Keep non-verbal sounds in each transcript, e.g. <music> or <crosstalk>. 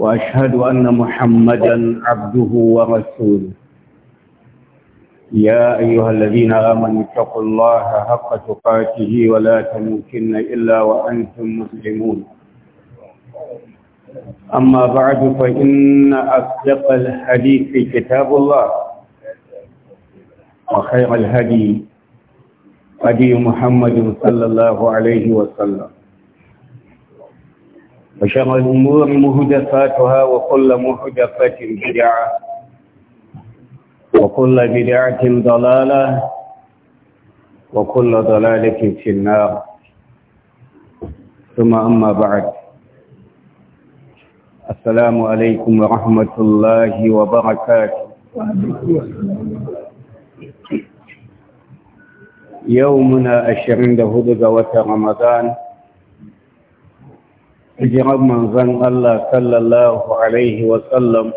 وأشهد أن محمدا عبده ورسوله يا أيها الذين آمنوا اتقوا الله حق تقاته ولا تموتن إلا وأنتم مسلمون أما بعد فإن أصدق الحديث كتاب الله وخير الهدي هدي محمد صلى الله عليه وسلم وشر الأمور مهدفاتها وكل مهدفة بدعة وكل بدعة ضلالة وكل ضلالة في النار ثم أما بعد السلام عليكم ورحمة الله وبركاته يومنا أشرين دهود رمضان hijirar manzan Allah sallallahu Alaihi wasallam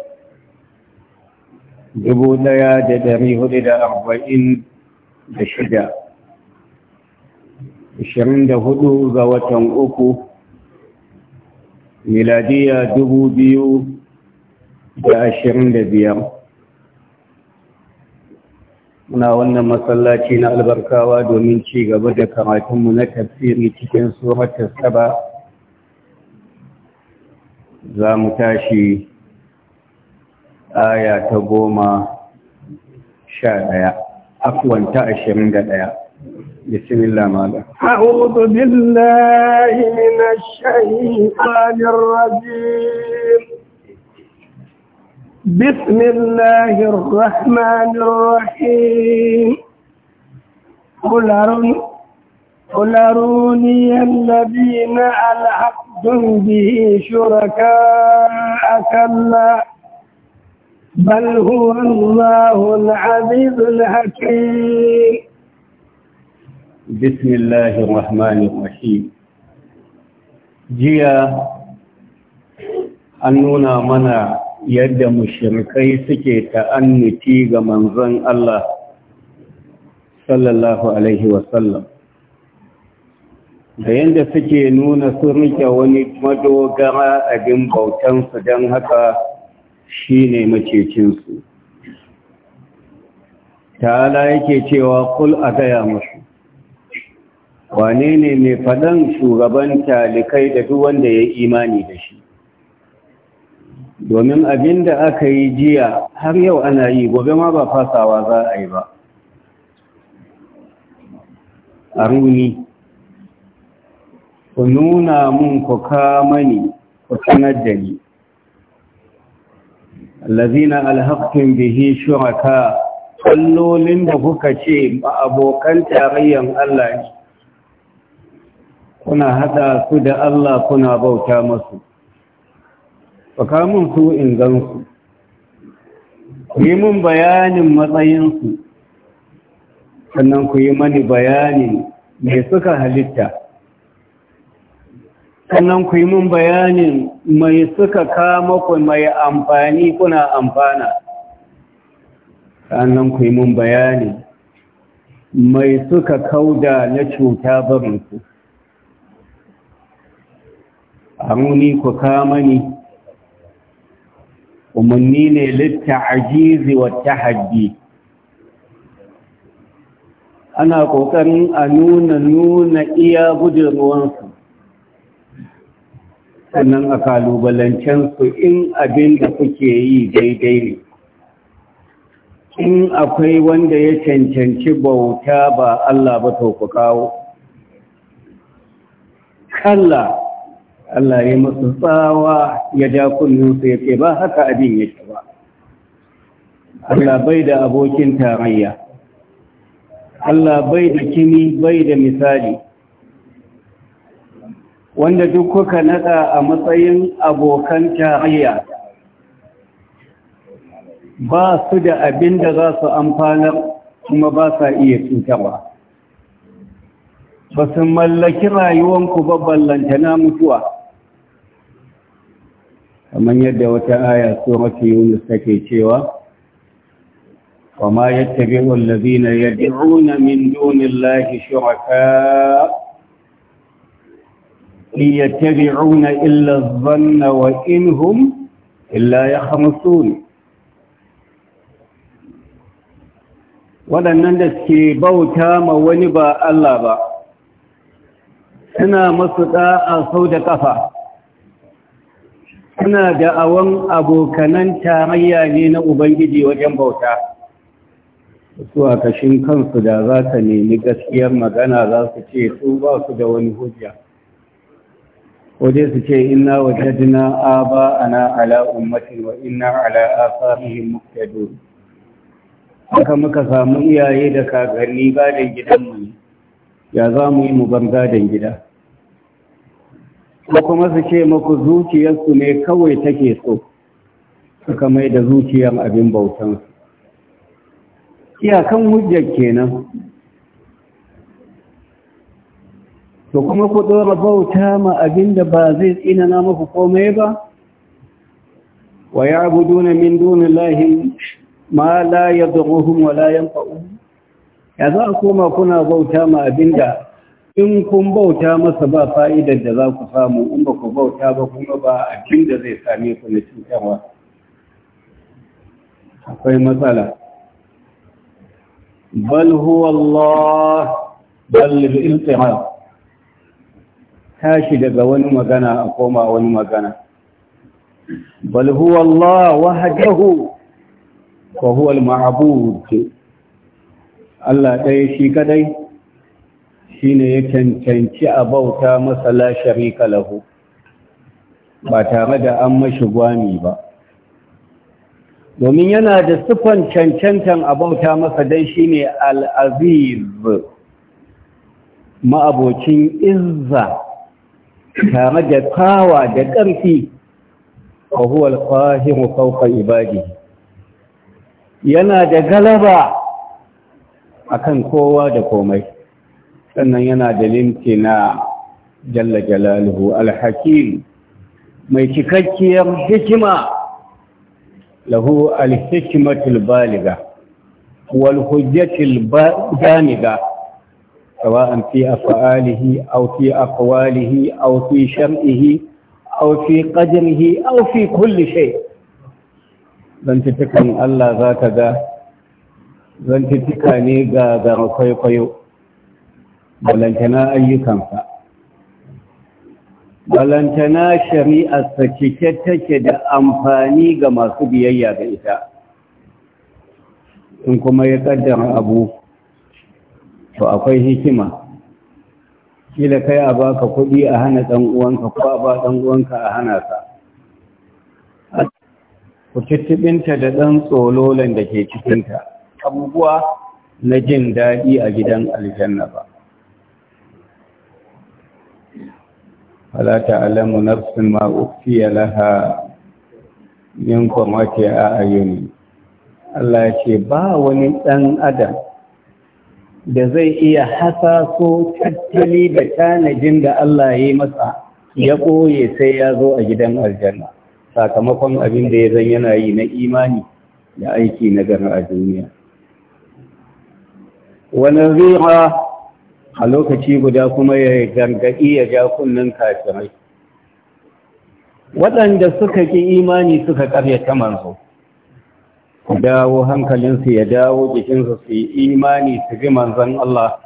dubu ɗaya da dari hudu da arba'in da shida ashirin da hudu ga watan uku miladiya dubu biyu da ashirin da biyar muna wannan masallaci na albarkawa domin ci gaba da karatunmu na tafsiri cikin suratar saba za mu tashi aya ta goma sha ɗaya afwan ta ashirin da ɗaya بسم الله ماذا أعوذ بالله من الشيطان الرجيم بسم الله الرحمن الرحيم قل أرون قل أروني الذين ألحقتم به شركاء كلا بل هو الله العزيز الحكيم بسم الله الرحمن الرحيم جيا an nuna mana yadda mushirikai suke ta'annuti ga manzon Allah sallallahu alaihi wasallam da yadda suke nuna sun rike wani madogara abin bautansu don haka shi ne macecinsu ta'ala yake cewa kul a gaya musu wane ne mai faɗan shugaban talikai da duk wanda ya imani da shi domin abinda aka yi jiya har yau ana yi gobe ma ba fasawa za a yi ba a runi ku nuna mun ku kama ni ku sanar da ni allazina alhaqtum bihi shuraka kallolin da kuka ce abokan tarayyan Allah ne kuna hada su da Allah kuna bauta masu ku kamun su in ku yi mun bayanin matsayinsu sannan ku yi mani bayani me suka halitta sannan ku yi mun bayanin mai suka kama ku mai amfani kuna amfana sannan ku yi mun bayanin mai suka kauda na cuta barinku haruni ku kama ni umarni ne litta ajizi wata haddi ana ƙoƙarin a nuna nuna iya gudun ruwansu sannan a kalubalancensu su in abin da kuke yi daidai ne in akwai wanda ya cancanci bauta ba Allah ba to ku kawo kalla Allah ya masu tsawa ya ja kunninsu ya ce ba haka abin ya ba Allah bai da abokin tarayya Allah bai da kini bai da misali wanda duk kuka nada a matsayin abokan tarayya ba su da abin da za su amfanar kuma ba sa iya cutarwa ba su mallaki rayuwanku ballanta na mutuwa kamar yadda wata aya surati yunus take cewa wa ma yattabi'u يدعون yad'una min dunillahi شركاء يتبعون إلا الظن وإن إلا يخمسون waɗannan da suke bauta ma wani ba Allah ba suna masu ɗa'a sau da ƙafa suna awon abokanan tarayya ne na Ubangiji wajen bauta su a kashin kansu da za ta nemi gaskiyar magana za su ce su ba su da wani hujja waje su ce jina a ba ana ala ummati wa ina ala asarihim muqtadun haka muka samu iyaye da kakanni gadon gidanmu ya za mu yi mu bar gadon gida ko kuma su ce maku zuciyarsu ne kawai take so suka mai da zuciyar abin bautansu iyakan hujjar kenan to kuma ku dora bauta ma abinda ba zai na muku komai ba wa ya'buduna min dunillahi ma la yadurruhum wa la yanfa'uhum ya za ku koma kuna bauta ma abinda in kun bauta masa ba fa'idar da za ku samu in ba ku bauta ba kuma ba abinda zai same ku na cutarwa akwai matsala bal huwa Allah bal bil tashi daga wani magana a koma wani magana bal huwa Allah wahdahu wa huwa al-ma'bud Allah ɗaya shi kadai shine ya cancanci a bauta masa la sharika lahu ba tare da an mashi gwami ba domin yana da sifan cancantan a bauta masa dan shine al-aziz ma'abocin izza tare da kawa da ƙarfi a huwa al-qahiru ibadi. yana da galaba akan kowa da komai sannan yana da linti na jalla jalaluhu al mai cikakkiyar hikima lahu al baliga walhujjatul wal baniga سواء في أفعاله أو في أقواله أو في شرعه أو في قدره أو في كل شيء zantutukan Allah za ka ga zantutuka ne ga zara kwaikwayo balantana ayyukansa balantana shari'arsa cike take da amfani ga masu biyayya ga ita in kuma ya kaddara abu to akwai hikima kila kai a baka kuɗi a hana ɗan uwanka ko a ba ɗan uwanka a hana ka ku tuttuɓinta da ɗan tsololan da ke cikinta abubuwa na jin daɗi a gidan aljanna ba فلا تعلم نفس ما أخفي لها من a ayyuni. Allah ce ba wani ɗan adam da zai iya hasaso tattali da tanajin da Allah ya yi masa ya ɓoye sai ya zo a gidan aljanna sakamakon abin da ya zan yana yi na imani da aiki na gara a duniya wani zuwa a lokaci guda kuma ya gargaɗi ya ja kunnen kafirai waɗanda suka ƙi imani suka ta manzo dawo hankalinsu ya dawo jikinsu su yi imani su bi manzan Allah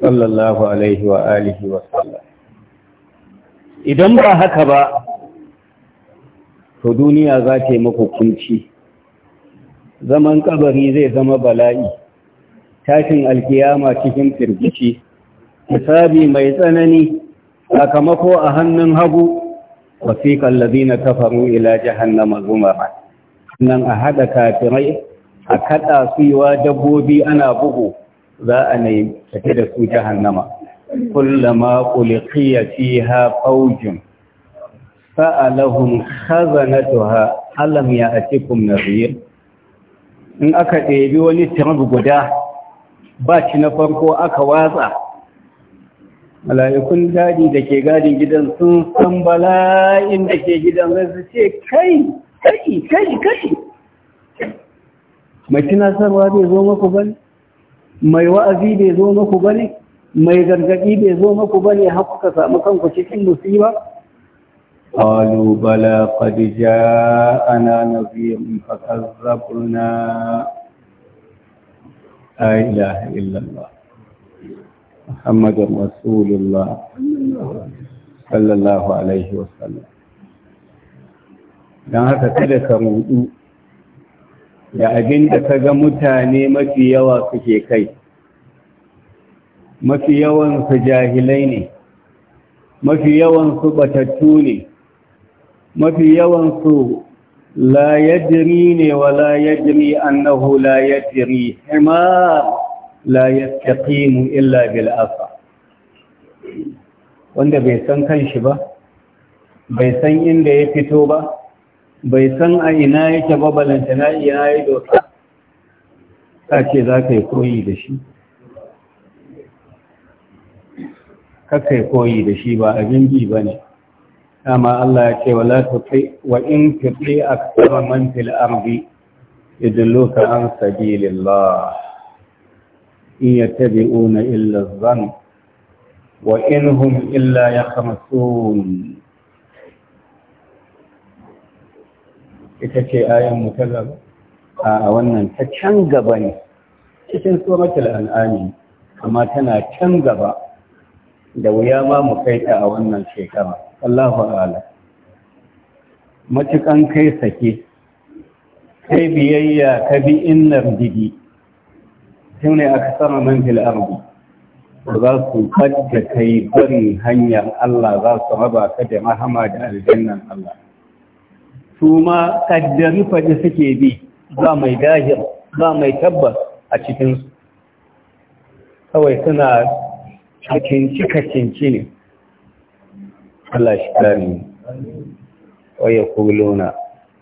sallallahu alaihi wa alihi wa sallam idan ba haka ba to duniya za ta yi maku kunci zaman kabari zai zama bala'i tashin alkiyama cikin firgici hisabi mai tsanani sakamako a hannun hagu wasiƙan lazina faru ila zuma ba nan a haɗa kafirai a kaɗa su yi wa dabbobi ana bugu za a ne tafi da su jahannama kullama ulqiya fiha fawjun sa'alahum khazanatuha alam ya'tikum nadhir in aka ɗebi wani tirab guda ba ci na farko aka watsa mala'ikun daɗi da ke gadin gidan sun san bala'in da ke gidan zai su ce kai kai kai kai mai tunasarwa bai zo maku bane mai wa'azi bai zo maku bane mai gargadi bai zo maku bane har kuka samu kanku cikin musiba قالوا بلى قد جاءنا نذير فكذبنا لا إله إلا الله محمد رسول الله صلى الله عليه وسلم don haka kada ka rudu da abin da ka ga mutane mafi yawa suke kai mafi yawan su jahilai ne mafi yawan su batattu ne mafi yawan su la yajri ne wa la yajri annahu la yajri hima la yastaqimu illa bil afa wanda bai san kanshi ba bai san inda ya fito ba bai san a ina yake babalanta na ina ya doka ka ce za ka yi koyi da shi kaka yi koyi da shi ba abin bi ba ne dama Allah ya ce wala tuqi wa in a akthara man fil idan loka an sabilillah in una illa zan? wa in hum illa kama ita ce ayan mu ta gaba a wannan ta can gaba ne cikin suratul al'ani amma tana can gaba da wuya ma mu kai ta a wannan shekara Allahu a'ala matukan kai sake kai biyayya ka bi innar ne sune aksara man fil ardi za su fadda kai bari hanyar Allah za su raba ka da rahama da aljannan Allah su ma kaddari faɗi suke bi ba mai dahir ba mai tabbas a cikinsu kawai suna kacinci-kacinci ne Allah shi kari waya kuluna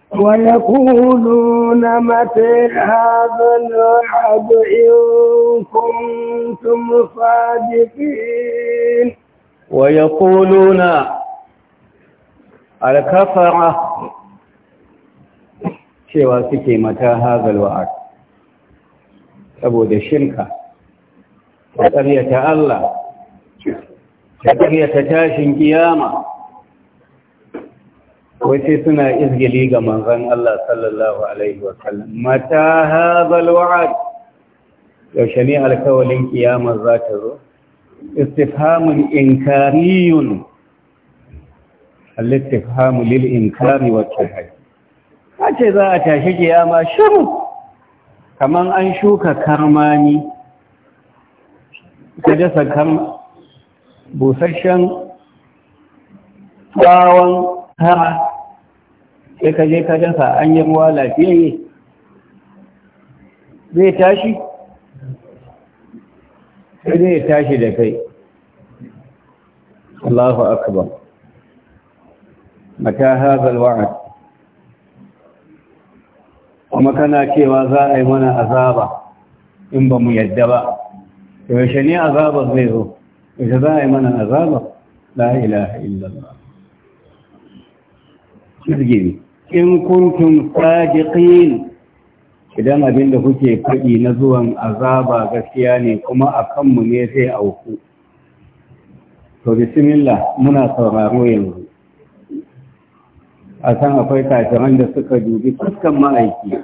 ويقولون متى هذا الوعد إن كنتم صادقين na alkafara cewa suke mata hazal wa'ad saboda shirka ta ƙaryata Allah ta ƙaryata tashin kiyama wace suna izgili ga manzan Allah sallallahu alaihi wasallam mata hazal wa'ad yaushe ne alkawalin kiyama za ta zo istifhamun inkariyun al-istifhamu lil inkari wa tahayyu ake za a tashi kiyama shiru kamar an shuka karmani ta dasa kan busasshen tsawon hara sai ka je ka dasa an yi ruwa lafiyayye zai tashi sai zai tashi da kai Allahu akbar mata hazal wa'ad kuma kana cewa za a yi mana azaba in ba mu yadda ba yaushe ne azaba zai zo yaushe za a yi mana azaba la ilaha illallah kirgini in kuntum sadiqin idan abin da kuke faɗi na zuwan azaba gaskiya ne kuma a kanmu ne sai auku to bismillah muna sauraro yanzu a san akwai kafiran da suka dubi fuskan ma'aiki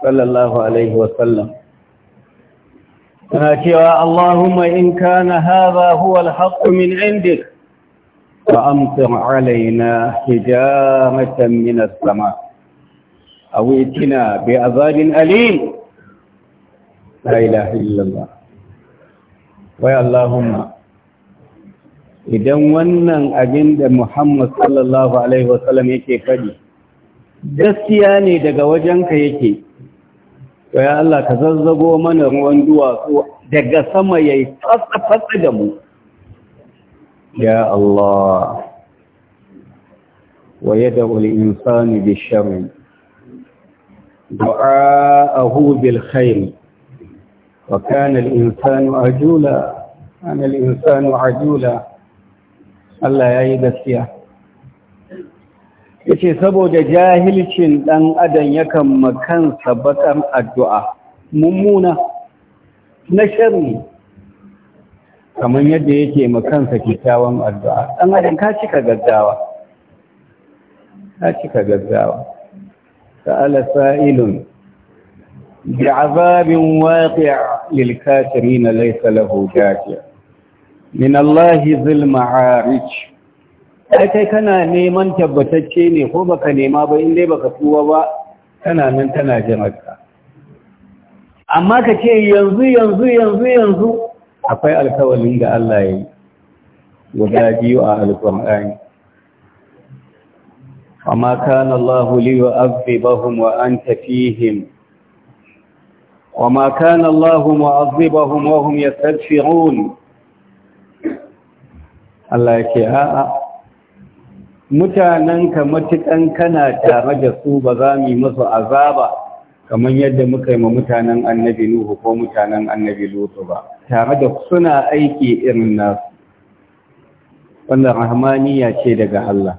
sallallahu alaihi wasallam suna cewa Allahumma in kana hadha huwa al-haqq min indik fa amtir alaina hijaratan min as-sama aw itina bi azabin alim la ilaha illallah wa Allahumma idan wannan abin da Muhammad sallallahu Alaihi wasallam yake faɗi, gaskiya ne daga wajenka yake, to ya Allah ka zazzago mana ruwan duwatsu daga sama ya yi fatsa da mu. Ya Allah, wa yadda insani bi shari, du'a'ahu bil khairi, wa kana al'insanu ajula, kana al'insanu ajula. Allah ya yi gaskiya ya ce saboda jahilcin ɗan adam yakan makansa baƙar addu'a mummuna na sharri kamar yadda yake makansa kyakkyawan addu'a ɗan adam ka cika gaggawa ka cika gaggawa sa'ala sa'ilun bi zabin waƙi lil kafirin laysa lahu min Allahi zil ma'arij ai kai kana neman tabbatacce ne ko baka nema ba in dai baka tuwa ba tana nan tana jimarka amma ka ce yanzu yanzu yanzu yanzu akwai alkawalin da Allah ya yi guda biyu a alƙur'ani amma kana Allah liyu'adhibahum wa an anta fihim وما كان الله معذبهم وهم يستغفرون Allah ya ce a'a mutananka matukan kana tare da su ba za mu musu azaba kamar yadda muka yi ma mutanen annabi Nuhu ko mutanen annabi Lutu ba tare da suna aiki irin nasu wannan rahmaniya ce daga Allah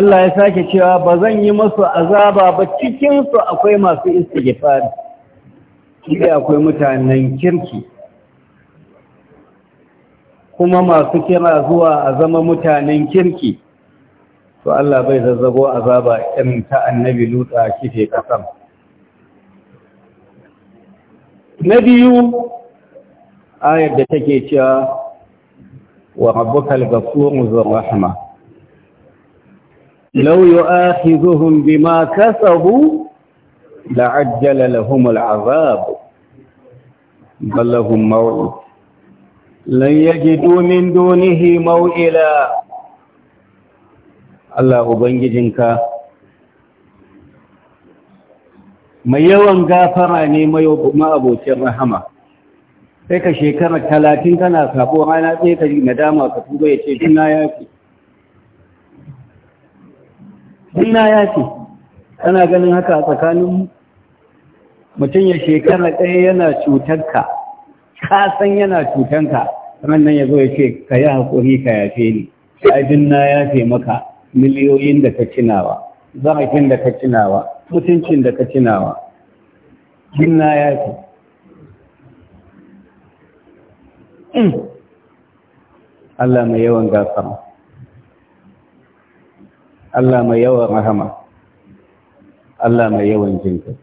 Allah ya sake cewa ba zan yi musu azaba ba cikinsu akwai masu istighfar shi akwai mutanen kirki kuma masu kira zuwa a zama mutanen kirki to Allah bai zazzabo azaba irin ta annabi lutsa kife kasan na biyu ayar da take cewa wa rabbukal ghafurur rahma law yu'akhidhuhum bima kasabu la'ajjala lahum azab bal maw'id lan yajidu min dunihi maw'ila Allah ubangijinka mai yawan gafara ne mai abocin rahama sai ka shekara talatin kana sabo rana sai ka nadama ka tuba ya ce duna ya fi. duna ya ce kana ganin haka a tsakanin mutum ya shekarar ɗaya yana cutanka ka san yana cutanka nan ya zo ya ce ka yi haƙuri ka yafe ni abin na yafe maka miliyoyin da ka cinawa zarafin da ka cinawa mutuncin da ka cinawa jin na yafe Allah mai yawan gafara Allah mai yawan rahama Allah mai yawan jinkai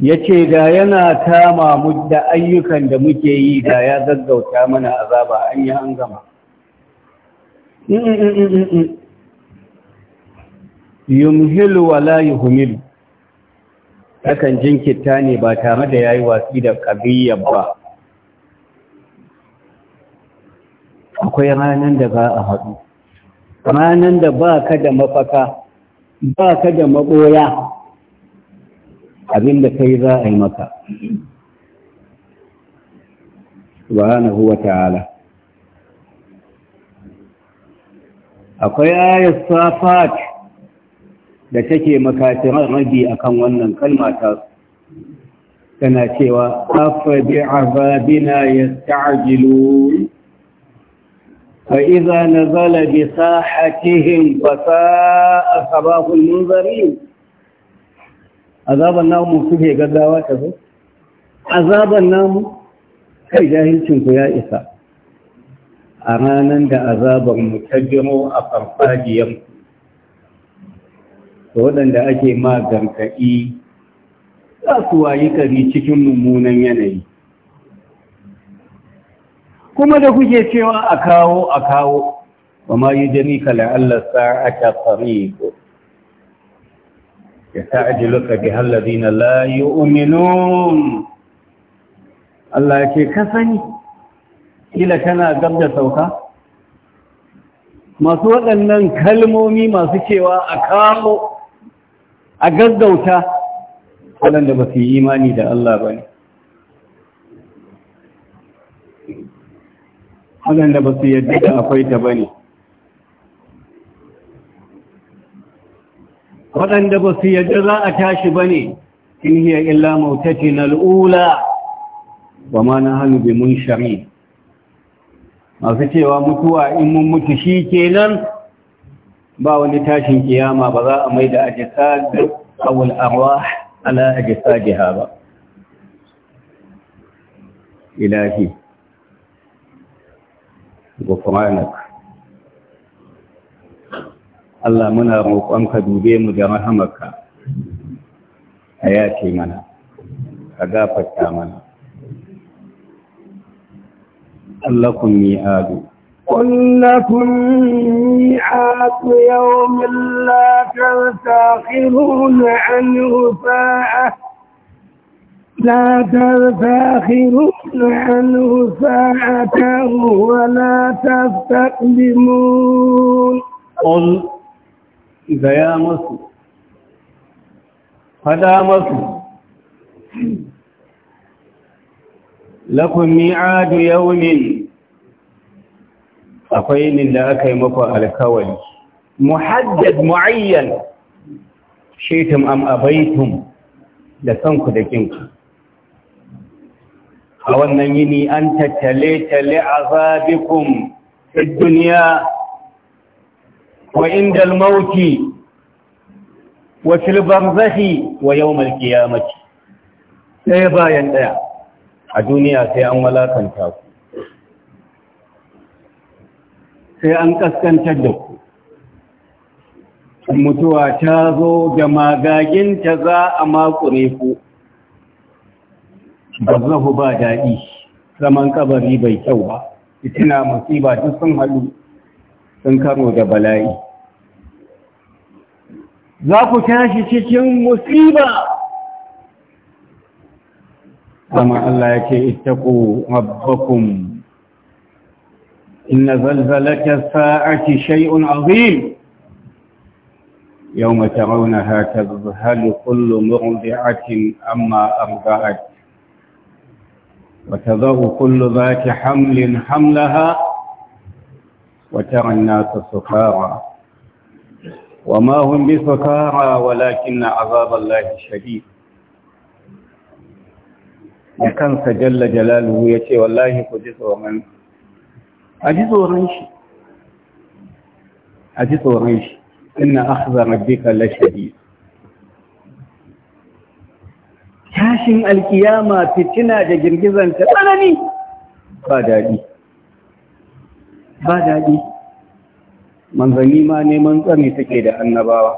ya ce ga yana kama mu da ayyukan da muke yi da ya gaggauta mana azaba an yi an gama mm, mm, mm, yumhilu wa la yuhmilu akan jinkirta ne ba tare da yayi wasi da qadiyya ba akwai ranan da ba a haɗu ranan da ba ka da mafaka ba ka da maboya abin da kai za a yi maka subhanahu wa ta'ala akwai ayat safat da take makatirar rabi akan wannan kalma ta tana cewa afa bi azabina yasta'jilun fa idza nazala bi sahatihim fa sa'a sabahul munzirin azaban namu kuke gaggawa ta zo azaban namu kai jahilcin ku ya isa a ranar da azabar mu ta jiro a farfajiyar ku waɗanda ake ma gargaɗi za su wayi kari cikin mummunan yanayi kuma da kuke cewa a kawo a kawo ba ma yi jami ka la'allar sa'ata fariqu يستعجلك بها الذين لا يؤمنون الله يكي كسني إلا كان قبل سوكا masu waɗannan kalmomi masu cewa a kamo a gaggauta waɗanda ba su yi imani da Allah ba ne waɗanda ba su yadda akwai ta ba waɗanda ba su yadda za a tashi ba ne in hiya illa na al'ula ba ma na hannu bi mun shari masu cewa mutuwa in mun mutu shi kenan ba wani tashin kiyama ba za a mai da ajisa da awul arwa ala ajisa jiha ba ilahi Allah muna rokon ka dube mu da rahamarka a yace mana ka gafarta mana lakum mi'adu قل لكم ميعاد يوم لا تستاخرون عنه ساعه لا تذاخرون عنه ساعة ولا تستقدمون قل gaya masu fada masu lakun mi'adu yaunin akwai yin da aka yi maku alkawali muhaddad mu'ayyan shaitum am abaitum da sanku da kinku a wannan yini an tattale tale a fi duniya وعند الموت وفي البرزخ ويوم القيامة sai eh, bayan ɗaya a duniya sai an walakanta ku sai an kaskantar da ku mutuwa ta zo da magaginta za a makure ku ba zahu ba daɗi zaman kabari bai kyau ba fitina musiba duk sun haɗu sun karo da bala'i za ku tashi cikin musiba kama Allah ya ce istaku abbakum inna zalzalata sa'ati shay'un azim yawma tarawunaha tadhhalu kullu murdi'atin amma arda'at wa tadhahu kullu dhati hamlin hamlaha وترى الناس سكارى وما هم بسكارى ولكن عذاب الله شديد da kansa jalla jalaluhu ya ce wallahi ku ji tsoron a ji a ji tsoron shi inna akhza rabbika la shadid tashin alkiyama fitina da girgizan ta tsanani ba daɗi ba daɗi manzanni ma neman tsari take da annabawa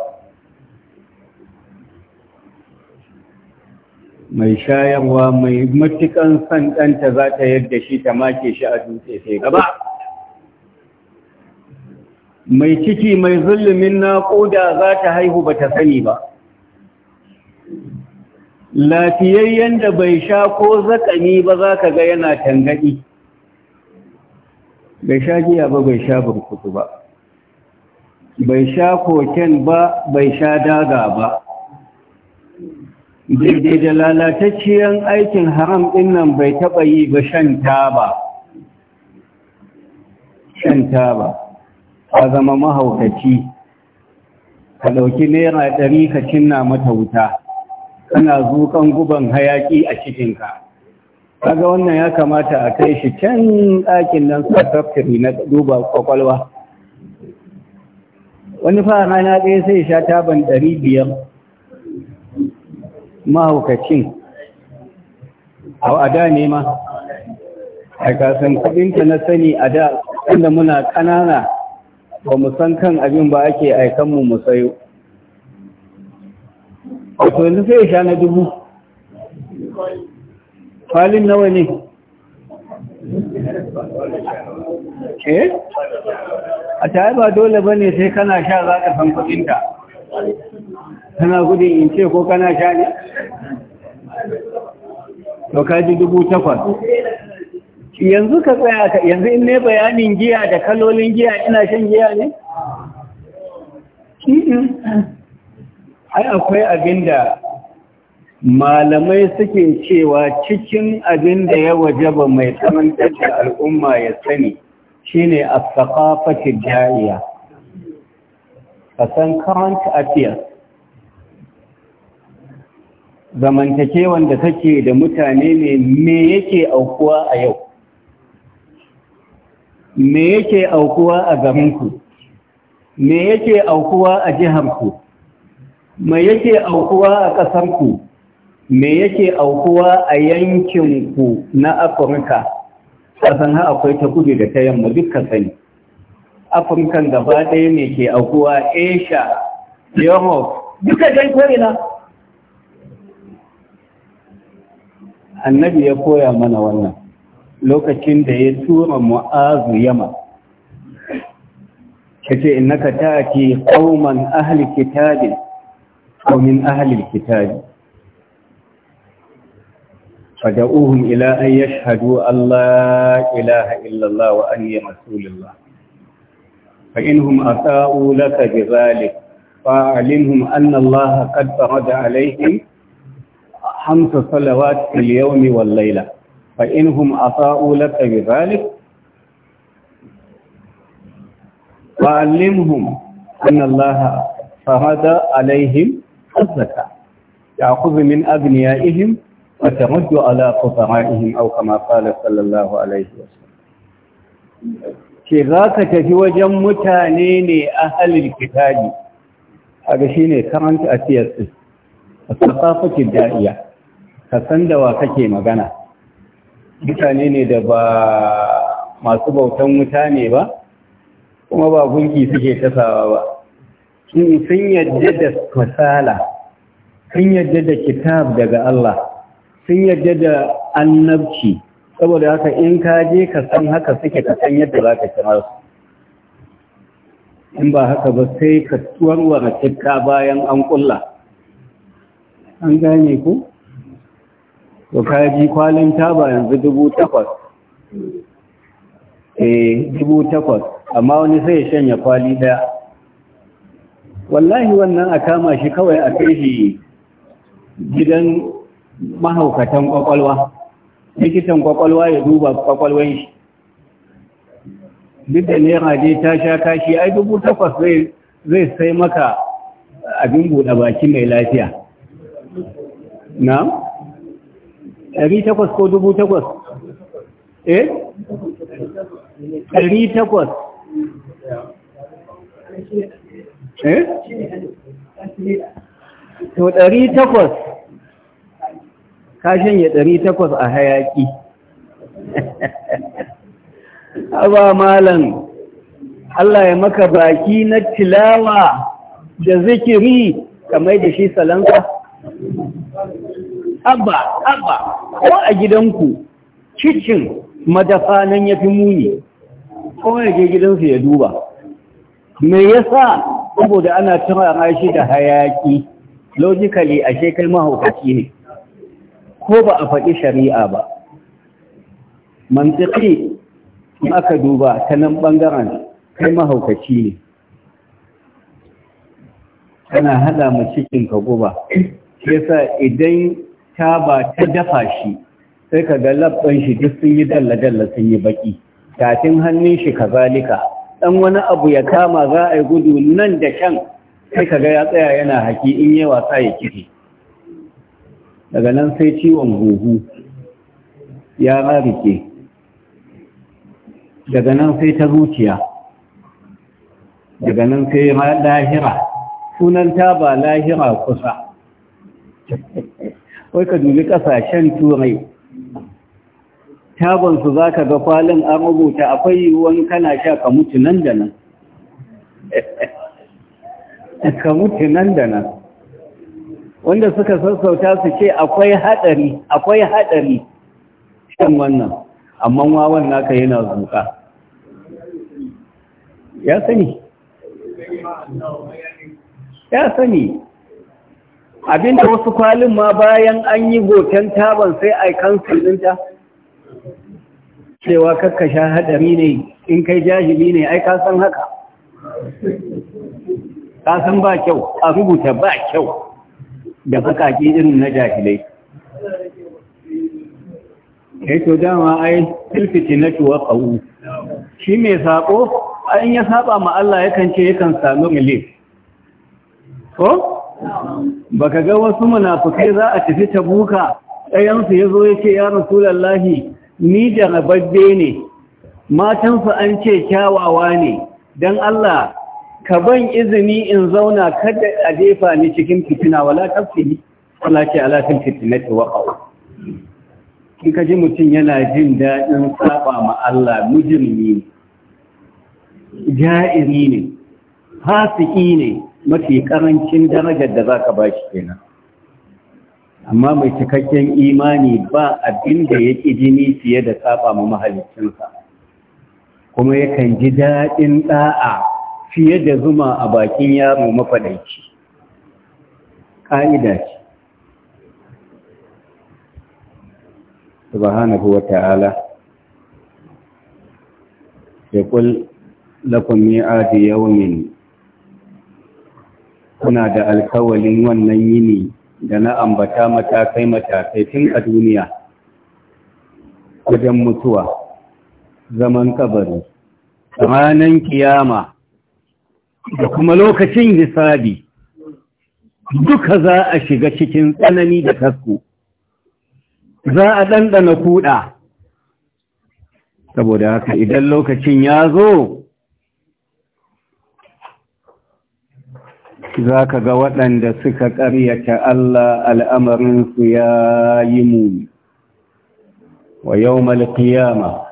mai shayarwa mai matukan son ɗanta za ta yadda shi ta make shi a dutse sai gaba mai ciki mai zulumin naƙuda za ta haihu ba ta sani ba lafiyayyen da bai sha ko zakani ba za ka ga yana tangaɗi bai sha giya ba bai sha burkutu ba bai sha koken ba bai sha daga ba daidai da lalatacciyar aikin haram din nan bai taɓa yi ba shan taba shan taba a zama mahaukaci ka ɗauki naira ɗari ka cinna mata wuta kana zukan guban hayaƙi a cikinka kaga wannan ya kamata a kai shi can ɗakin nan psychiatry na duba kwakwalwa wani fara rana ɗaya sai sha taban ɗari biyar mahaukacin a da ne ma a kasan kudinta na sani a da inda muna ƙanana ba mu san kan abin ba ake aikan mu sayo wato yanzu sai sha na dubu falin nawa ne eh a tare ba dole ba ne sai kana sha za ka san kudinta kana gudun in ce ko kana sha ne to kaji dubu takwas yanzu ka tsaya ka yanzu in ne bayanin giya da kalolin giya ina shan giya ne? ai akwai abin da malamai suke cewa cikin abin da ya wajaba mai tsamantar da al'umma ya sani shine a tsakafatin jariya a san current affairs zamantakewan da take da mutane ne me yake aukuwa a yau me yake aukuwa a gaminku me yake aukuwa a jiharku me yake aukuwa a ƙasarku me yake aukuwa a yankinku na afirka kasan ha akwai ta kudu da ta yamma dukkan sani afirkan gaba ɗaya ne ke aukuwa asia europe duka dai ko'ina annabi ya koya mana wannan lokacin da ya tura mu'azu yamma kace innaka ta'ti qauman ahli kitabin ahli kitabin. فدعوهم إلى أن يشهدوا أن لا إله إلا الله وأني رسول الله فإنهم أساءوا لك بذلك فأعلمهم أن الله قد فرض عليهم خمس صلوات في اليوم والليلة فإنهم أساءوا لك بذلك فأعلمهم أن الله فرض عليهم الزكاة يأخذ من أبنيائهم وترد على كفرائهم أو كما قال صلى الله عليه وسلم ke za ka tafi wajen mutane ne a halin kitabi a shi ne karanta a siyarsu a tsakafakin da'iya ka san da wa kake magana mutane ne da ba masu bautan wuta ne ba kuma ba gunki suke tasawa ba sun yadda da fasala sun yarda da kitab daga Allah sun yadda da annabci saboda haka in ka je ka san haka suke ka san yadda za ka kira su in ba haka ba sai ka tuwarwara cikka bayan an kulla an gane ku to ka ji kwalin taba yanzu dubu takwas eh dubu takwas amma wani sai ya shanya kwali daya wallahi wannan a kama shi kawai a kai shi gidan mahaukatan kwakwalwa likitan kwakwalwa ya duba kwakwalwan shi duk da naira je ta sha kashi ai dubu takwas zai sai maka abin buɗe baki mai lafiya na? ɗari takwas ko dubu takwas eh? ɗari takwas eh? to ɗari takwas ka shanye ɗari takwas a hayaƙi Aba malam Allah ya maka baki na tilawa da zikiri kamar da shi salanka abba abba ko a gidanku kicin madafa nan ya fi muni ko ya je gidansu ya duba me yasa saboda ana tura shi da hayaƙi? logically ashe kai mahaukaci ne ko ba a faɗi shari'a ba Mantiƙi in aka duba ta nan ɓangaren kai mahaukaci ne kana haɗa ma ka guba yasa idan ta ba ta dafa shi sai ka ga labban shi duk sun yi dalla-dalla sun yi baƙi. tafin hannun shi ka zalika Ɗan wani abu ya kama za a yi gudu nan da can sai ka ga ya tsaya yana haki in yi wasa ya kife daga nan sai ciwon huhu ya rarike daga nan sai ta zuciya daga nan sai lahira sunan ta ba lahira kusa wai ka dubi kasashen turai tabansu za ka ga kwalin an rubuta akwai yiwuwan kana sha ka mutu nan da nan <laughs> ka mutu nan da nan wanda suka sassauta su ce akwai haɗari akwai haɗari shan wannan amma wawan naka yana zuka ya sani ya sani abinda wasu kwalin ma bayan an yi goken taban sai a kansu ɗinta cewa kakkasha haɗari ne in kai jahili ne ai ka san haka ka san ba kyau a rubuta ba kyau da bakaki irin na jahilai kai eh to dama ai tilfiti na tuwa kawu shi mai saƙo? an ya saba ma Allah yakan ce yakan sami milif ko baka ga wasu munafukai za a tafi buka, ɗayansu ya zo ya ce ya rasu rasulallahi ni jarababbe ne matansu an ce kyawawa ne don Allah ka ban izini in zauna kada a jefa ni cikin fitina wala tafsiri wala ce ala fitina ta waka in ka ji mutum yana jin daɗin saba ma Allah mujrimi ja'iri ne fasiki ne mafi karancin darajar da zaka ba shi kenan amma mai cikakken imani ba abin da ya ƙi jini fiye da saba ma mahalicinsa kuma yakan ji daɗin ɗa'a fiye da zuma a bakin yaro mafaɗaici ƙa'ida ce subhanahu wa ta'ala ya kul lakum mi'ati yawmin kuna da alkawalin wannan yini da na ambata matakai matakai tun a duniya wajen mutuwa zaman kabari ranar kiyama da kuma lokacin hisabi duka za a shiga cikin tsanani da tasko za a ɗanɗana kuɗa saboda haka idan lokacin ya zo za ka ga waɗanda suka ƙaryata Allah al'amarinsu ya yi muni wa yau malƙiyama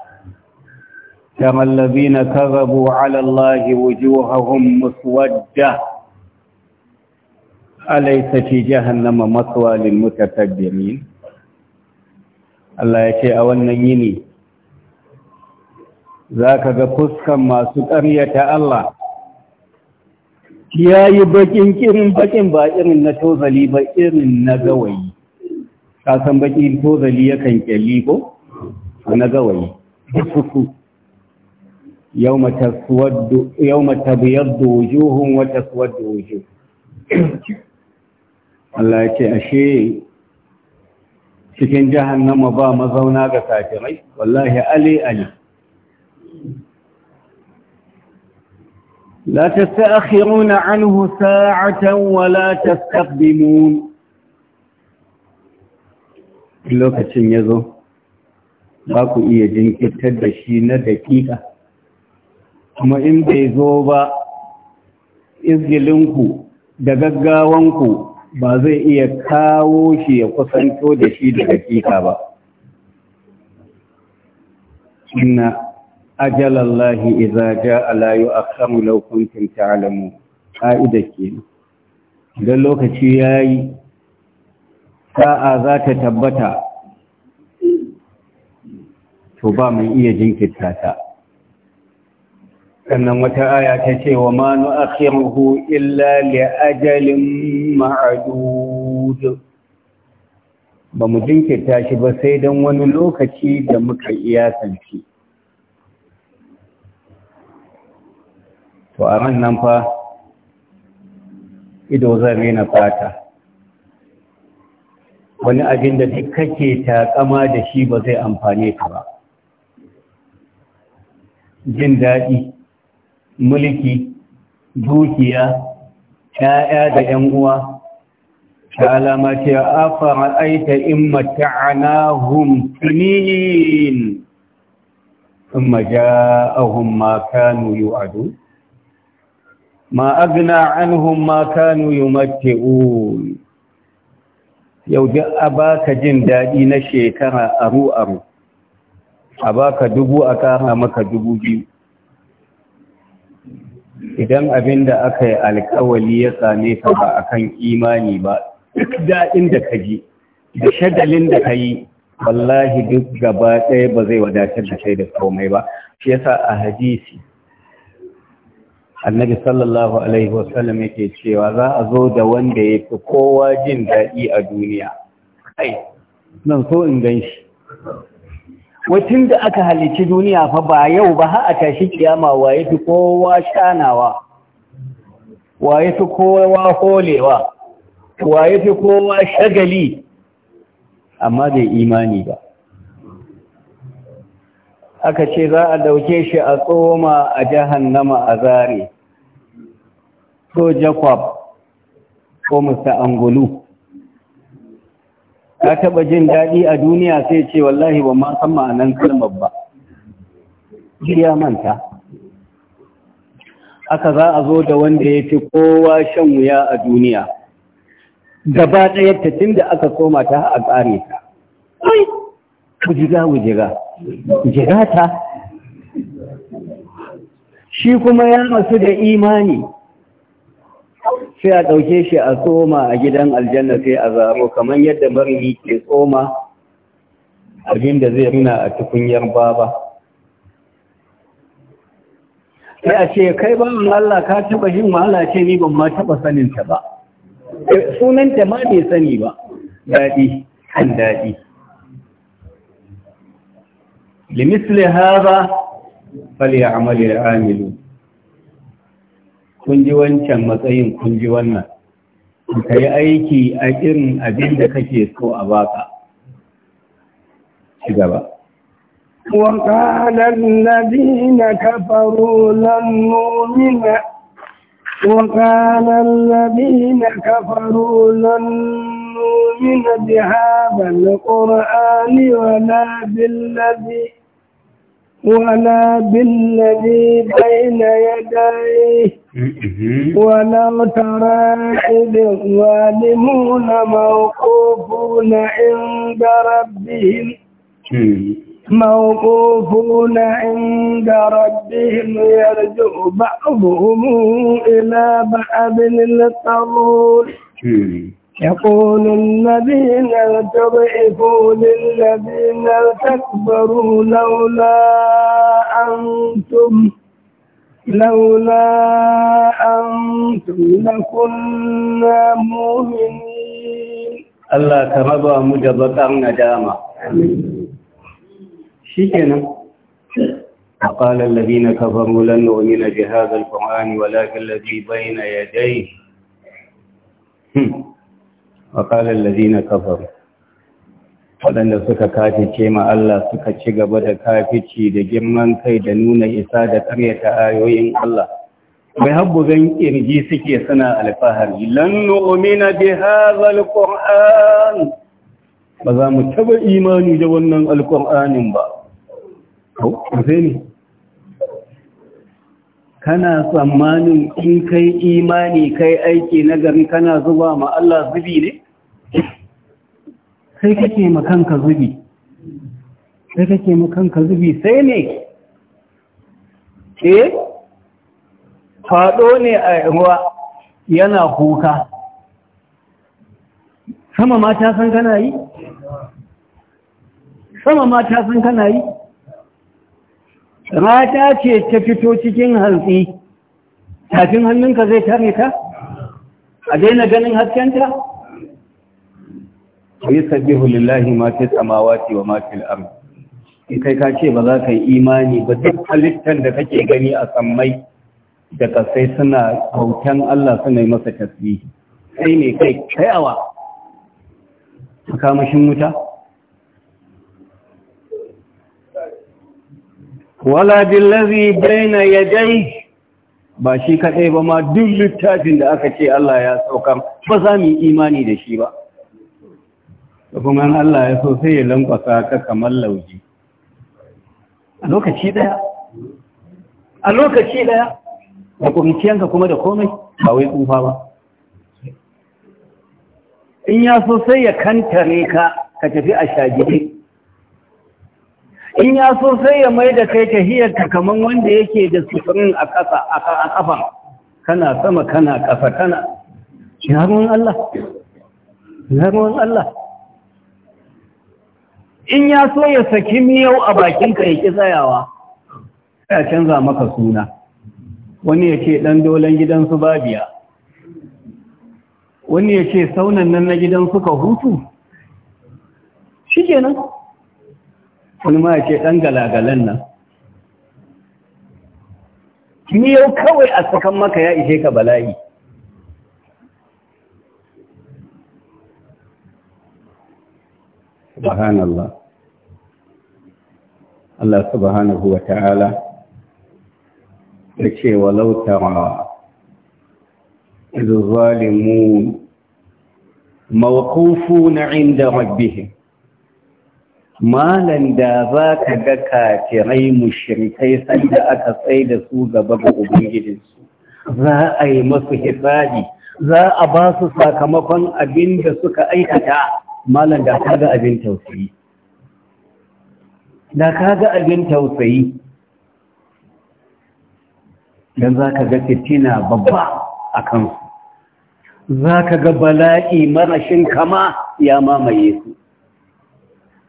ترى الذين كذبوا على الله وجوههم مسودة أليس في جهنم مثوى للمتكبرين الله يشاء أولنا يني ذاك فسكا ما سكرية الله ya yi bakin kirin bakin ba irin na tozali ba irin na gawayi kasan bakin tozali yakan kyalli ko na gawayi yawma taswaddu yawma tabyaddu wujuhun wa taswaddu wujuh Allah ya ce ashe cikin jahannama ba mazauna ga safirai wallahi ali ali La لا anhu sa'atan ساعة ولا تستقدمون lokacin ya zo ba ku iya jinkirtar da shi na daƙiƙa kuma in bai zo ba izgilinku da gaggawanku ba zai iya kawo shi ya kusanto da shi da dakika ba inna ajalallahi idza jaa la yu'akhkhamu law kuntum ta'lamu ka'ida ke. da lokaci yayi sa'a za ta tabbata to ba mai iya jinkirta ta sannan wata aya ta ce wa ma nu'akhiruhu illa li ajalin ma'dud ba mu jinkirta shi ba sai dan wani lokaci da muka iya sanci. to a nan fa ido zan rena fata wani abin da duk kake takama da shi ba zai amfane ka ba jin daɗi mulki dukiya ‘ya'ya da ‘yan uwa ta alama ce a aita in mata'ana tunin in maja'ahun makanu a ado ma an anhum ma mace yumatti'un yau duk a baka jin daɗi na shekara aru aru a baka dubu a ƙara maka dubu biyu idan abin da aka yi alkawali ya same ka ba a kan imani ba duk daɗin da ka ji da shagalin da ka yi wallahi duk gaba ɗaya ba zai wadatar da kai da komai ba shi yasa a hadisi annabi sallallahu alaihi wasallam yake cewa za a zo da wanda ya fi kowa jin daɗi a duniya kai nan so in gan shi wacin da aka halici duniya fa ba yau ba har a tashi kiyama waye fi kowa shanawa waye fi kowa holewa waye fi kowa shagali amma bai imani ba aka ce za a dauke shi a tsoma a jahannama a zare so jacob ko musta angulu ka taba jin daɗi a duniya sai ce wallahi ba ma san ma'anan kalmar ba ya manta aka za a zo da wanda ya fi kowa shan wuya a duniya gaba ɗaya ta tun da aka koma ta a ƙare ta ai wujiga wujiga wujiga shi kuma ya masu da imani sai a ɗauke shi a tsoma a gidan aljanna sai a zaro kamar yadda marini ke tsoma abinda zai rina a tukunyar baba sai a ce kai ban Allah ka taɓa yin wahala ce ni ban ma taɓa saninta ba eh, sunanta ma bai sani ba daɗi kan daɗi limisli haza fal ya amali amilu kun ji wancan matsayin kun ji wannan ka yi aiki a irin abin da kake so a baka ci gaba وقال الذين كفروا لن نؤمن وقال الذين كفروا لن نؤمن بهذا القرآن ولا بالذي ولا بالذي بين يديه ولو ترى إذ الظالمون موقوفون عند ربهم موقوفون عند ربهم يرجع بعضهم إلى بعض القرون يقول الذين تضعفوا للذين تكبروا لولا أنتم لولا أنتم لكنا مؤمنين Allah ta raba mu da baƙar nadama. Shi ke nan, a ƙalar labina ka faru lanna wani na jihazar kuma ni walafin labi bai na yadda yi. وقال na كفروا waɗanda suka kafice ma Allah suka ci gaba da kafici da girman kai da nuna isa da ƙaryata ayoyin Allah bai habbugan ƙirji suke suna alfahari lan nu'mina bi hadha alquran ba za mu taba imani da wannan alquranin ba sai ne kana tsammanin in kai imani kai aiki nagari kana zuba ma Allah zubi ne sai kake makanka zubi sai kake makanka zubi sai ne eh fado ne a ruwa yana kuka sama ma ta san kana yi sama mata san kana yi rata ce ta fito cikin hantsi tafin hannunka zai tare ta a daina ganin haskenta wa yi sabbihu lillahi ma tsamawa samawati wa ma fi in kai ka ce ba za ka yi imani ba duk halittar da kake gani a sammai da kasai suna hautan Allah suna yi masa tasiri sai ne kai kayawa a kamashin wuta wala billazi baina yadayhi ba shi kadai ba ma duk littafin da aka ce Allah ya saukar ba za mu yi imani da shi ba da kuma Allah ya so sai ya lankwasa ka kamar lauji a lokaci ɗaya a lokaci ɗaya da ƙunciyanka kuma da komai ba wai tsufa ba in ya so sai ya ne ka ka tafi a shagidi in ya so sai ya mai da kai tahiyarka kamar wanda yake da sufurin a ƙasa a ƙafa kana sama kana ƙasa kana yaron Allah yaron Allah in ya so ya saki miyau a bakinka ya ƙi tsayawa ya canza maka suna wani ya ce ɗan dolan gidansu babiya wani ya ce saunan nan na gidansu ka hutu shi kenan wani ma ya ce ɗan galagalan nan miyau kawai a sakan maka ya ishe ka bala'i subhanallah Allah subhanahu wa ta'ala ya ce wa tara izu zalimun na 'inda rabbihim malan da za ka ga kafirai mushrikai sanda aka tsaye da su gaba ga ubangijinsu za a yi masu hisabi za a ba su sakamakon abin da suka aikata malan da ka ga abin tausayi da ka ga abin tausayi dan za ka ga fitina babba a kansu za ka ga bala'i marashin kama ya mamaye su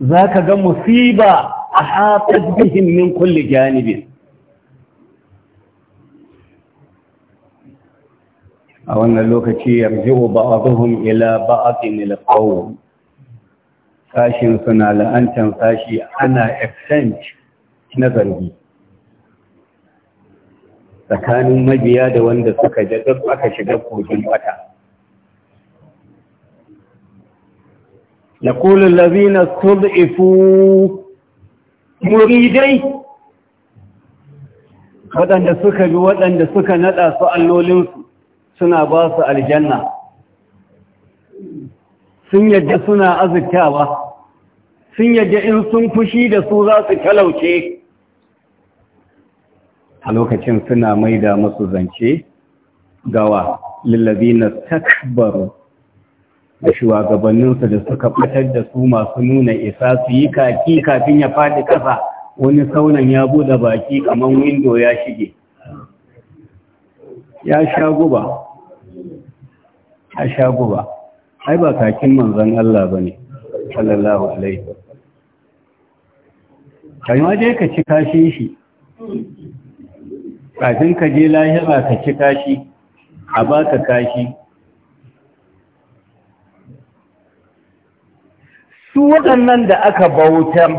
za ka ga musiba a haɗar bihin min kulle janibin a wannan lokaci yarji'u ba'aduhum ila ba'adin ilqawm sashin suna la'antar sashi ana exchange na zargi tsakanin mabiya da wanda suka jadar aka shiga kogin wata يقول الذين استضعفوا مريدي waɗanda suka bi waɗanda suka naɗa su allolinsu suna ba su aljanna sun yadda suna azurtawa sun yadda in sun fushi da su za su talauce a lokacin suna maida masu zance gawa lillazina takbaru da shugabanninsu da suka fitar da su masu nuna isa su yi kaki kafin ya faɗi ƙasa wani saunan ya buɗe baki kamar windo ya shige ya sha guba ya sha guba ai ba kakin manzan Allah ba ne sallallahu alaihi kan waje ka ci kashin shi kafin ka je lahira ka ci kashi a ba ka kashi su waɗannan da aka bautar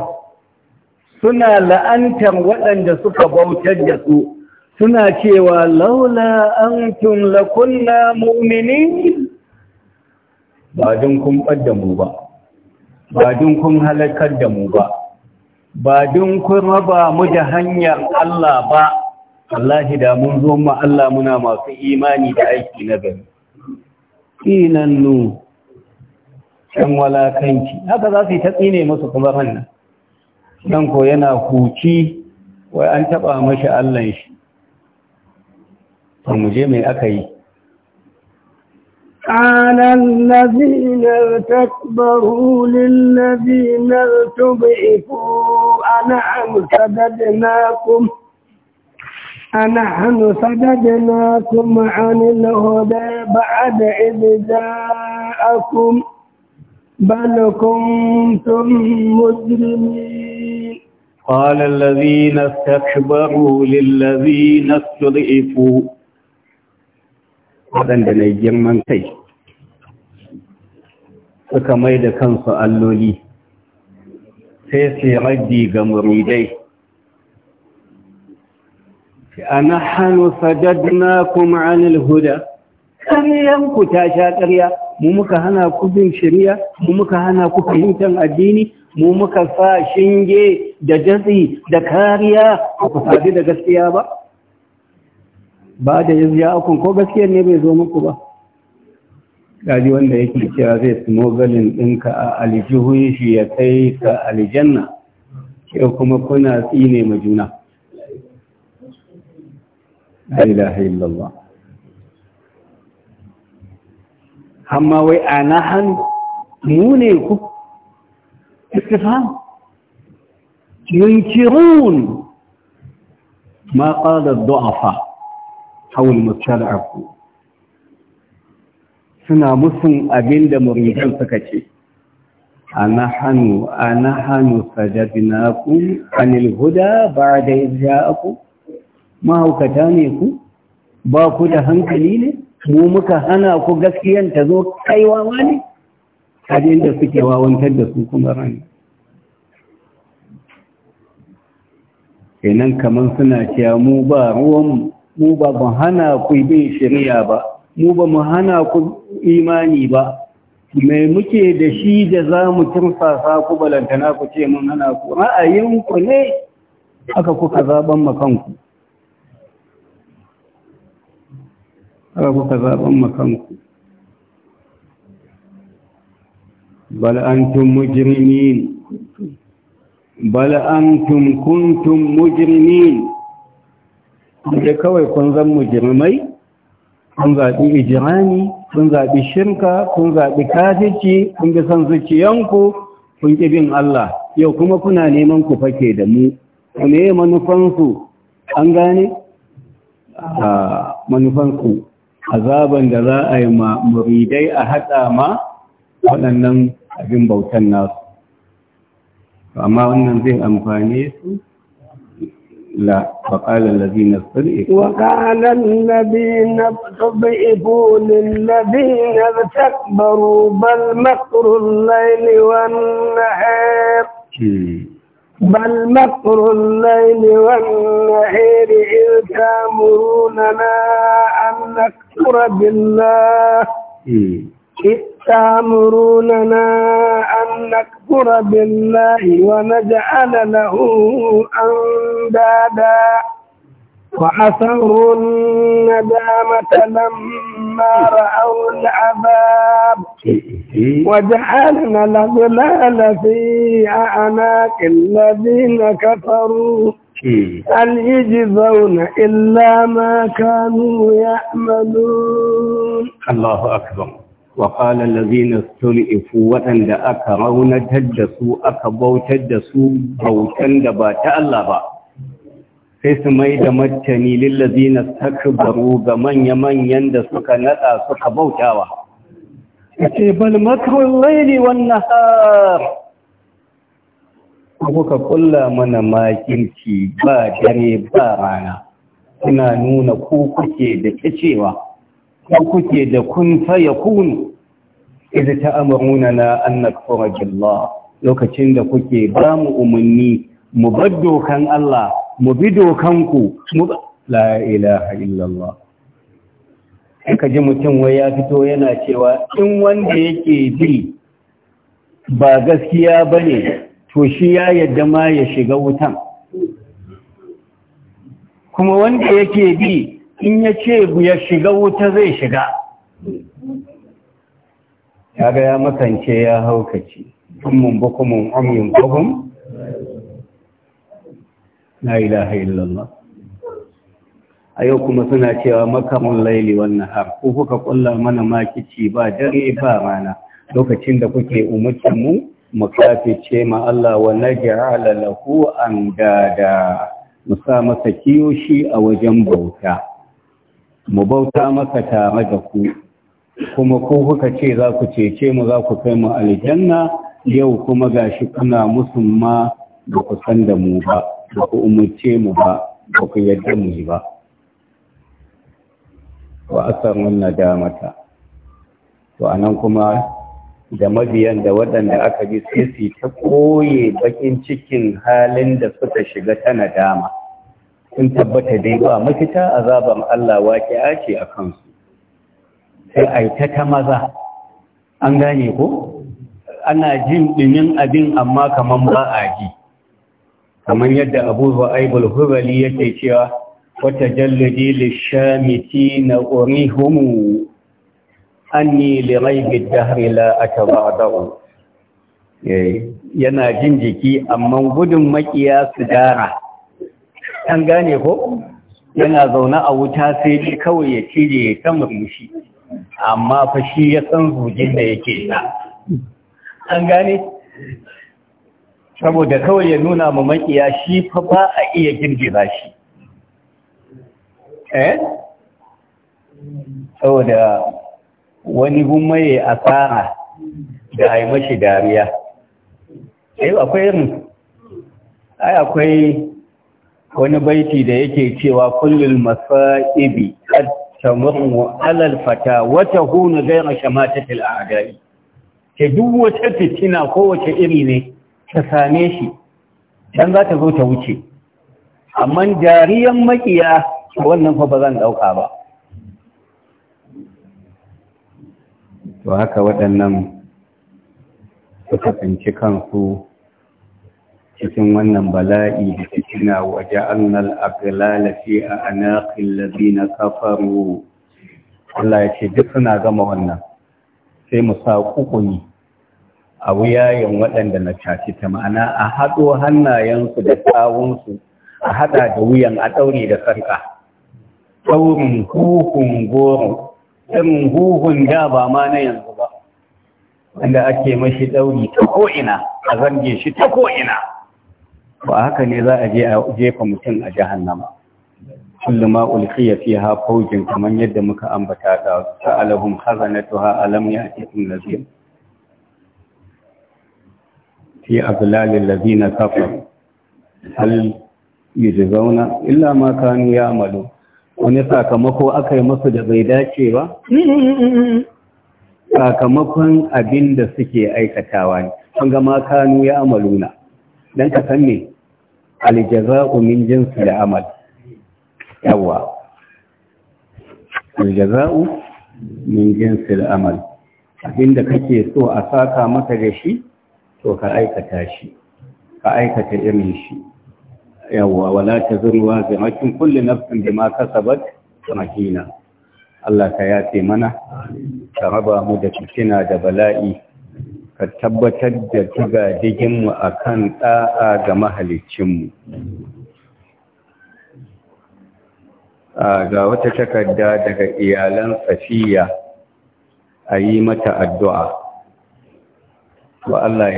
suna la'antar waɗanda suka bautar da su suna cewa laula an tun lakunna mu'mini ba dun kun ɓadda mu ba ba dun kun halakar da mu ba ba dun kun raba mu da hanyar Allah ba Allahi da mun zo ma Allah muna masu imani da aiki na gari ƙinan ‘yan walakanki, haka za su yi ta tsine masu kuma hannun, don ko yana kuki wa an taɓa mashi Allahn shi, ta muje mai aka yi. Ƙanan na zinar ta ɓahulin na zinar tuba iku ana nakun. Ana hannu sadade na kuma na hode ba a da ibi بل كنتم مجرمين قال الذين استكبروا للذين استضعفوا waɗanda na girman kai suka mai da kansu alloli sai su raddi ga muridai a na hannu na kuma anil huda ƙaryan ku ta sha ƙarya mu muka hana ku bin shari'a mu muka hana ku fahimtar addini mu muka sa shinge da jazi da kariya ku sadu da gaskiya ba ba da ya akun ko gaskiyar ne bai zo muku ba gaji wanda yake cewa zai galin ɗinka a aljihun shi ya kai ka aljanna ke kuma kuna tsine ma juna. Allah illallah. amma wai a na hannu mu ne ku istifam yunkirun ma qala duafa aw al abu. suna musun abinda muridan suka ce anahanu anahanu sajadnakum anil huda ba'da idh ku? ma hukata ne ku ba ku da hankali ne mu muka hana ku gaskiyan ta zo kaiwa ma ne kaji inda suke wawantar da su kuma rani kenan kamar suna cewa mu ba ruwan mu ba mu hana ku bin shari'a ba mu ba mu hana ku imani ba mai muke da shi da za mu kimfasa ku balantana ku ce mun hana ku ra'ayinku ne aka kuka zaben makanku haka kuka zaɓen makanku bal mujirini mujrimin kuntun mujirini da kawai kun zan mujirmai kun zaɓi ijirani kun zaɓi shirka kun zaɓi kafici kun bi son zuciyanku kun ƙi bin Allah yau kuma kuna neman ku fake da mu me manufansu an gane a ah, manufansu azaban da za a yi ma muridai a haɗa ma waɗannan abin bautan nasu amma wannan zai amfani su la faƙalar lazina sulhi waƙalar lazina sulhi bulin lazina da takbaru bal makarun laili wanda بل مكر الليل والنهير إذ تامروننا نكفر بالله إذ تأمروننا أن نكفر بالله ونجعل له أندادا واسروا الندامة لما رأوا العذاب وجعلنا الأغلال في أعناق الذين كفروا هل يجزون إلا ما كانوا يعملون الله أكبر وقال الذين استلئفوا وأن أكرون تجسوا أكبوا تجسوا ta دبات الله sai su mai da martani lillazina takbaru ga manya-manyan da suka nada suka bautawa ce bal kuka kulla mana makirci ba dare ba rana kuna nuna ku kuke da kicewa ku kuke da kun faya kunu ta amuruna na annaka nakfura lokacin da kuke ba mu umarni mu bar dokan Allah mu bi dokan ku mu la ilaha illallah in ka ji mutum wai ya fito yana cewa in wanda yake bi ba gaskiya bane to shi ya yadda ma ya shiga wutan kuma wanda yake bi in ya ce ya shiga wuta zai shiga ya ga ya makance ya haukace kummun bukumun umyin bukum Na ilaha illallah a yau kuma suna cewa makamun laili wannan har ko kuka kulla mana makici ba dare ba rana lokacin da kuke mu. mu ma Allah wa naj'ala lahu andada mu sa masa kiyoshi a wajen bauta mu bauta masa tare da ku kuma ko kuka ce za ku cece mu za ku kai mu aljanna yau kuma gashi kuna musumma ba ku san da mu ba ba ku umarce mu ba ba ku yadda mu ba wa Asar asarun nadamata to anan kuma da mabiyan da waɗanda aka bi sai ta koye bakin cikin halin da suka shiga ta nadama sun tabbata dai ba mafita azaban Allah wake ce a kansu sai a yi ta ta maza an gane ko ana jin ɗumin abin amma kamar ba a ji kamar yadda abu aibul hurali yake cewa wata jalladi na urihumu anni li ghaibi dahri la atabada'u eh, yana jin jiki amma gudun makiya su dara an gane ko yana zaune a wuta sai dai kawai ya cire ya kama mushi, amma fa shi ya san zujin da yake sa an gane saboda kawai ya nuna ma makiya shi fa ba a iya girgiza shi eh saboda wani gumma ya asara da a yi mashi dariya ai eh, akwai yin ai akwai wani baiti da yake cewa kullum masa'ibi qad alalfata. Wata huna zai tahunu ghayra a agari ke duk wata fitina kowace iri ne ta same shi dan za ta zo ta wuce amma dariyan makiya wannan fa ba zan dauka ba to haka waɗannan suka tsinci kansu cikin wannan bala'i da fitina waje annal a anakin labi na kafaru Allah ya ce duk suna gama wannan sai mu sa kukuni a wuyayen waɗanda na caci ta ma'ana a haɗo hannayensu da tsawonsu a haɗa da wuyan a ɗaure da sarƙa saurin hukun goro irin huhun da ba ma na yanzu ba wanda ake mashi ɗauri ta ko'ina a zange shi ta ko'ina ba haka ne za a je a jefa mutum a jahannama kullum ma ulkiya fi ha faujin kamar yadda muka ambata da sa'alahum na ha alam ya cikin lafiya fi azlalil ladina kafaru hal yujzauna illa ma kanu ya'malu wani sakamako aka yi masu da bai dace ba sakamakon abin da suke aikatawa ne an gama kanu ya amaluna don ka san ne aljaza'u umin jinsu da amal yawa aljaza'u umin jinsu da amal da kake so a saka maka da shi to ka aikata shi ka aikata irin shi yawwa wala taziru waziratun kullu nafsin bima kasabat rahina Allah ka yafe mana ka raba mu da fitina da bala'i ka tabbatar da tugadigin mu akan da'a ga mahalicin mu ga wata takarda daga iyalan safiya a yi mata addu'a wa Allah